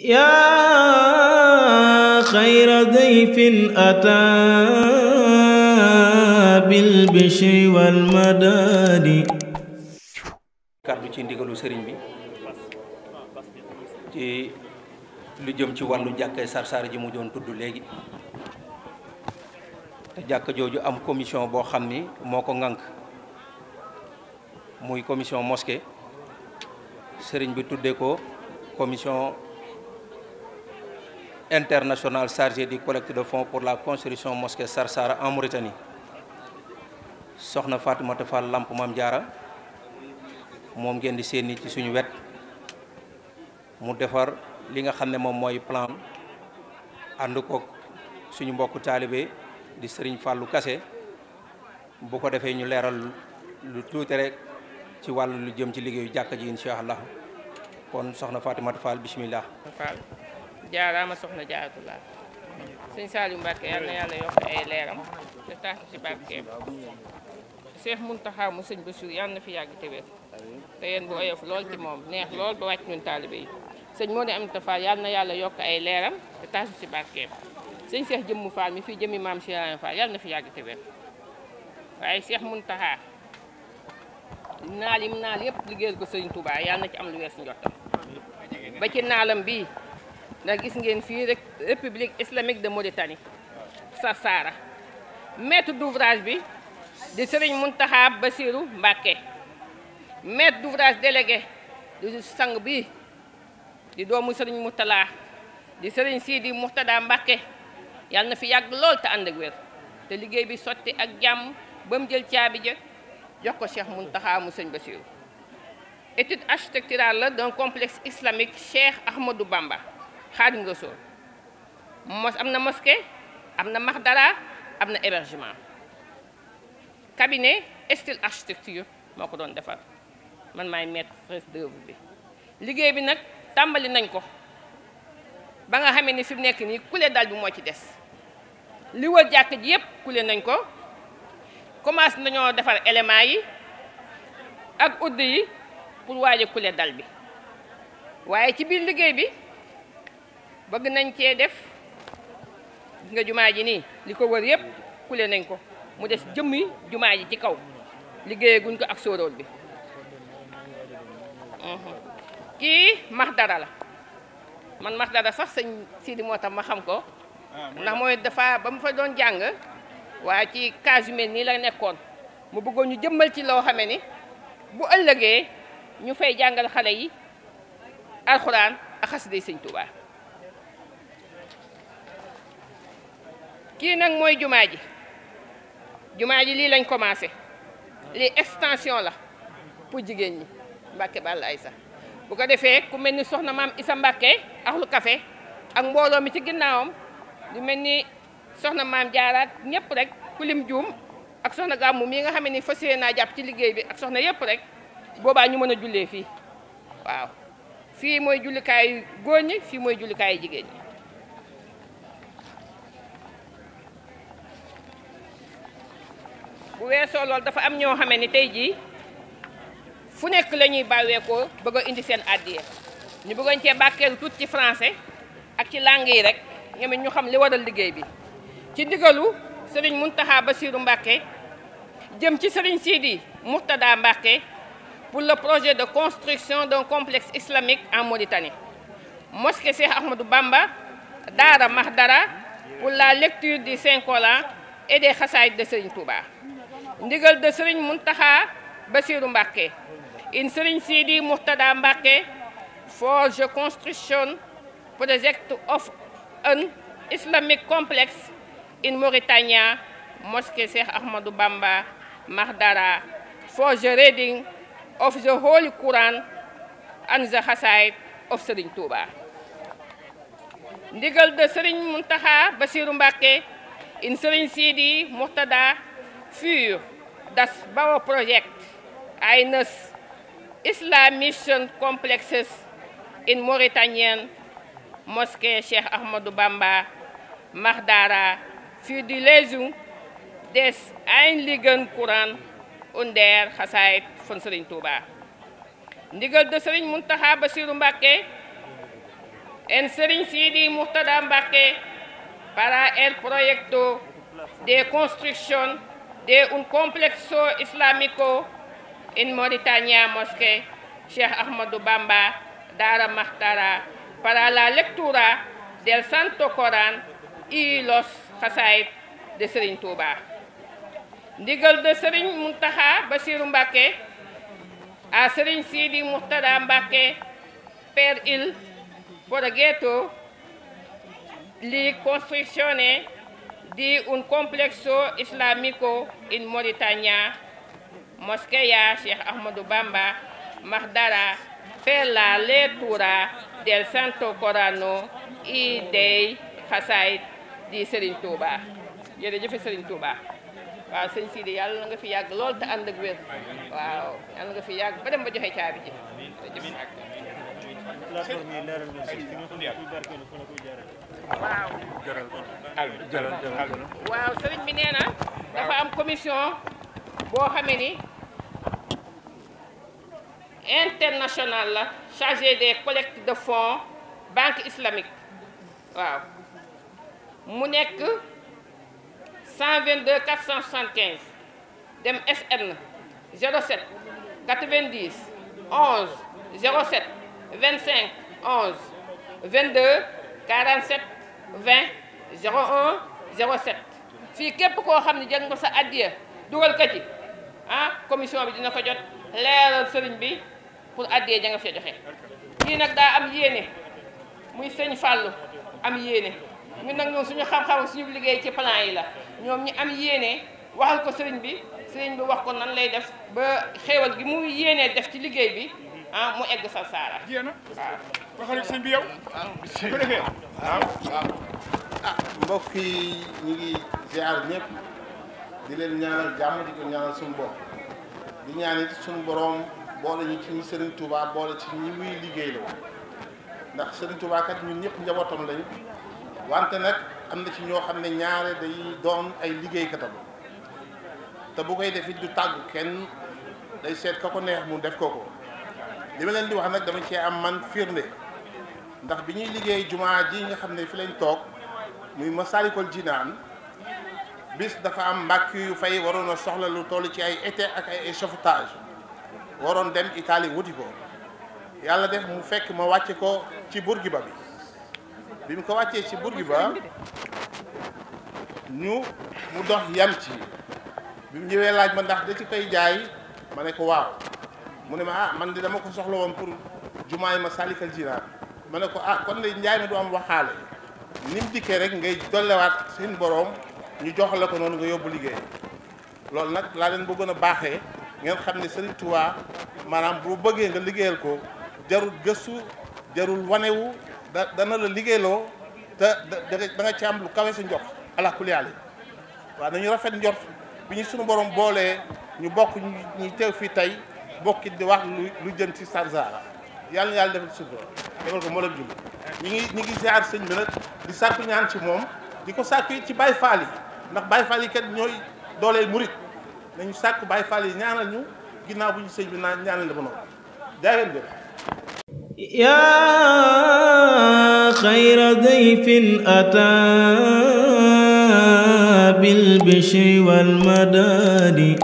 yaa xayra dayfin ataa bil bishri wal madaadi kàddu ci ndigalu sëriñ bi ci lu jëm ci wàllu jàkkay Sarsara ji mu doon tudd léegi te jàkk jooju am commission boo xam ni moo ko ŋànk muy commission mosquée sëriñ bi tuddee ko commission international chargé du collecte de fonds pour la construction mosquée Sarsara en Mauritanie soxna Fatoumata Fall Lamp Maam Jaara moom ngeen di seeni ci suñu wet mu defar li nga xam ne moom mooy plan ànd ko suñu mbokku taalibe di Sëriñ Fàllu Kase bu ko defee ñu leeral lu tuuti rek ci wàll lu jëm ci liggéeyu jàkka ji incha allah kon soxna Fatoumata Fall bismillah jaaraama soxna jaaratullaa sëñ Saliou Mbacke yal na yàlla yokk ay leeram te taas ci barkeem Cheikh Mountakha mu sëñ Bassirou yal na fi yàgg te wér te neex lool ba wàcc ñun taalibe yi sëñ moo am na yàlla yokk ay leeram te taas ci barkeem sëñ Cheikh Jëmmu Fall mi fii jëmmi maam Cheikh Fall yal na fi yàgg te wér waaye Cheikh Mountakha naal yi mu naal yëpp liggéeyal ko sëñ Touba yal na ci am lu weesu njottam ba ci naalam bii ndax gis ngeen fii rek république islamique de Mauritanie Sarsara maître d'ouvrage bi di Serigne Mountakha Bassirou Mbacké maître d'ouvrage délégué di sang bi di doomu Serigne Moutala di Serigne Sidi Mouhtada Mbacké yàlla na fi yàgg lool te ànd ak wér te liggéey bi sotti ak jàmm ba mu jël caabi ja jox ko Cheikh Mountakha mu sëñ Bassirou étude architecturale la d'un complexe islamique Cheikh Ahmadou Bamba nga rasool mos am na mosquée am na max dara am na hébergement cabinet style architecture moo ko doon defar man maay maîtresse d'œuvre bi liggéey bi nag tàmbali nañ ko ba nga xamee ni fi mu nekk nii kule daal bi moo ci des li wër jàkk ji yëpp kule nañ ko commencé nañoo defar éléments yi ak udd yi pour waaje kule dal bi waaye ci biir liggéey bi bëgg nañ cee def nga jumaa ji nii li ko wër yépp kule nañ ko mu des jëmmi jumaa ji ci kaw liggéeye guñ ko ak sóoróol bi mhm. kii max dara la man max dara sax sëñ Sidi moo tax ma xam ko ah, ndax mooy dafa ba mu fa doon jàng waaye ci cas nii la nekkoon mu bëggoon ñu jëmmal ci loo xamee ni bu ëllëgee ñu fay jàngal xale yi alxuraan ak xasida Sëñ Tuubaa kii nag mooy jumaa ji jumaa ji lii lañ commencé lii extension la pour jigéen ñi Mbàkke Balla sax bu ko defee ku mel ni soxna maam Isa Mbàkke axlu kafe ak mbooloo mi ci ginnaawam lu mel ni soxna maam jaaraat ñëpp rek ku lim juum ak soxna gàmmu mii nga xam ne fa yéene naa jàpp ci liggéey bi ak soxna yëpp rek boobaa ñu mën a jullee fii waaw fii mooy jullikaayu góor ñi fii mooy jullikaayu jigéen ñi bu weesoo loolu dafa am ñoo xamee ni tey jii fu nekk la ñuy bàyyeekoo bëgg indi seen addiye ñu bëggoon cee bàkkeelu tuuti ci français ak ci langue yi rek ñoom ñu xam li waral liggéey bi ci ndigalu sëriñ Mountakha Bassirou Mbacké jëm ci sëriñ Sidi Mourtada Mbacké pour le projet de construction d'un complexe islamique en Mauritanie mosquée Cheikh Ahmadou Bamba Daara Mahdara pour la lecture du Saint-Coran et des xasaayid de Serigne Touba ndigal de sëriñ Muntaxa Basiru Mbàkke in sëriñ Sidi Murtada Mbàkke for the construction project of an Islamic complex in Mauritania mosque Cheikh Ahmadou Bamba Mahdara for the reading of the Holy Quran and the Hasid of Sëriñ Touba ndigal de sëriñ Muntaxa Basiru Mbàkke in sëriñ Sidi Murtada fur das BAO project, INUS, Islam Mission Complexes in Mauritanian Mosque Sheikh Ahmadou Bamba, Mahdara, für die Lesung des Einligen Koran und der Chassaid von Serigne Touba. de Serigne Mountakha Bassirou Mbacké en Serigne Sidi Moukhtada Mbacké para el proyecto de construcción de un complejo islámico en Mauritania Mosque Cheikh Ahmadou Bamba Dara Mahtara para la lectura del Santo Corán y los Hasaid de Serigne Touba. Ndigal de Serigne Muntaha Bassirou Mbacké à Serigne Sidi Moukhtada Mbacké Père il Poroghetto li constructionné di un complexo islamico in Mauritania, Moschea Sheikh Ahmadou Bamba, Mahdara, per la lettura del Santo Corano e dei xasaayid di Serigne Touba jërëjëf Serigne Touba waaw sëñ Sidi yàlla na nga fi yàgg lool te ànd ak wér waaw yàlla nga fi yàgg ba dem ba joxe caabi ji waaw sëriñ bi nee dafa am commission boo xamee ni internationale la chargée des collectes de fonds banque islamique waaw mu nekk 122 475 dem SN 07 90 11 07 25 11 22 47 20 01 07 fii képp koo xam ne jël nga sa addiya dugal ko ci ah commission bi dina ko jot leeral sëriñ bi pour addiya ja nga fi joxe kii nag daa am yéene muy sëñ Fàllu am yéene mu nag ñoom suñu xam-xam suñu liggéey ci plan yi la ñoom ñu am yéene waxal ko sëriñ bi sëriñ bi wax ko nan lay def ba xéewal gi muy yéenee def ci liggéey bi ah mu egg sa saara. jéem bi yow. ah mbokk ñu ngi ziar ñépp di leen ñaanal jàmm di ko ñaanal suñu bopp di ñaan it suñu borom boole ñu ci ñu Serigne Touba boole ci ñi muy liggéey la ndax Serigne Touba kat ñun njabootam lañu wante nag am na ci ñoo xam ne ñaare day doon ay liggéeykatam te bu koy def it du tàggu kenn day seet ka ko neex mu def ko ko. li ma leen di wax nag dama cee am man firnde ndax bi ñuy liggéey jumaa ji nga xam ne fi lañ toog muy Masaalikul Jinaan bis dafa am mbàkk yu fay waroon a soxla lu toll ci ay été ak ay échafaudage waroon dem Italie wuti ko yàlla def mu fekk ma wàcce ko ci Bourguiba bi bi mu ko wàccee ci Bourguiba ñu mu dox yam ci bi mu ñëwee laaj ma ndax da ci koy jaay ma ne ko waaw mu ne ma ah man di dama ko soxla woon pour jumaay ma salikal jinaan ma ne ko ah kon lay njaay mi du am waxaale ni dikkee rek ngay dollewaat seen boroom ñu jox la ko noonu nga yóbbu liggéey loolu nag laa leen bëggoon a baaxee ngeen xam ne Serigne Touba maanaam bu bëggee nga liggéeyal ko jarul gëstu jarul wanewu da dana la liggéeyloo te da nga ci am lu kawe sa njort ala waa yi rafet njort bi ñu sunu borom boolee ñu bokk ñu teew fii tey bokkit di wax lu lu ci Sarsara yàlla na yàlla defal sutura defal ko mboolem jullit ñi ngi ñi ngi sëñ bi nag di sàkku ñaan ci moom di ko sàkku ci Baye Fall yi ndax Baye Fall yi kat ñooy dooleel murit nañu sàkku Baye Fall yi ñaanal ñu ginnaaw bu ñu sëñ bi naan ñaanal la ba noonu jaay ngeen yaa xayra dayfin ataa bil bishri wal madadi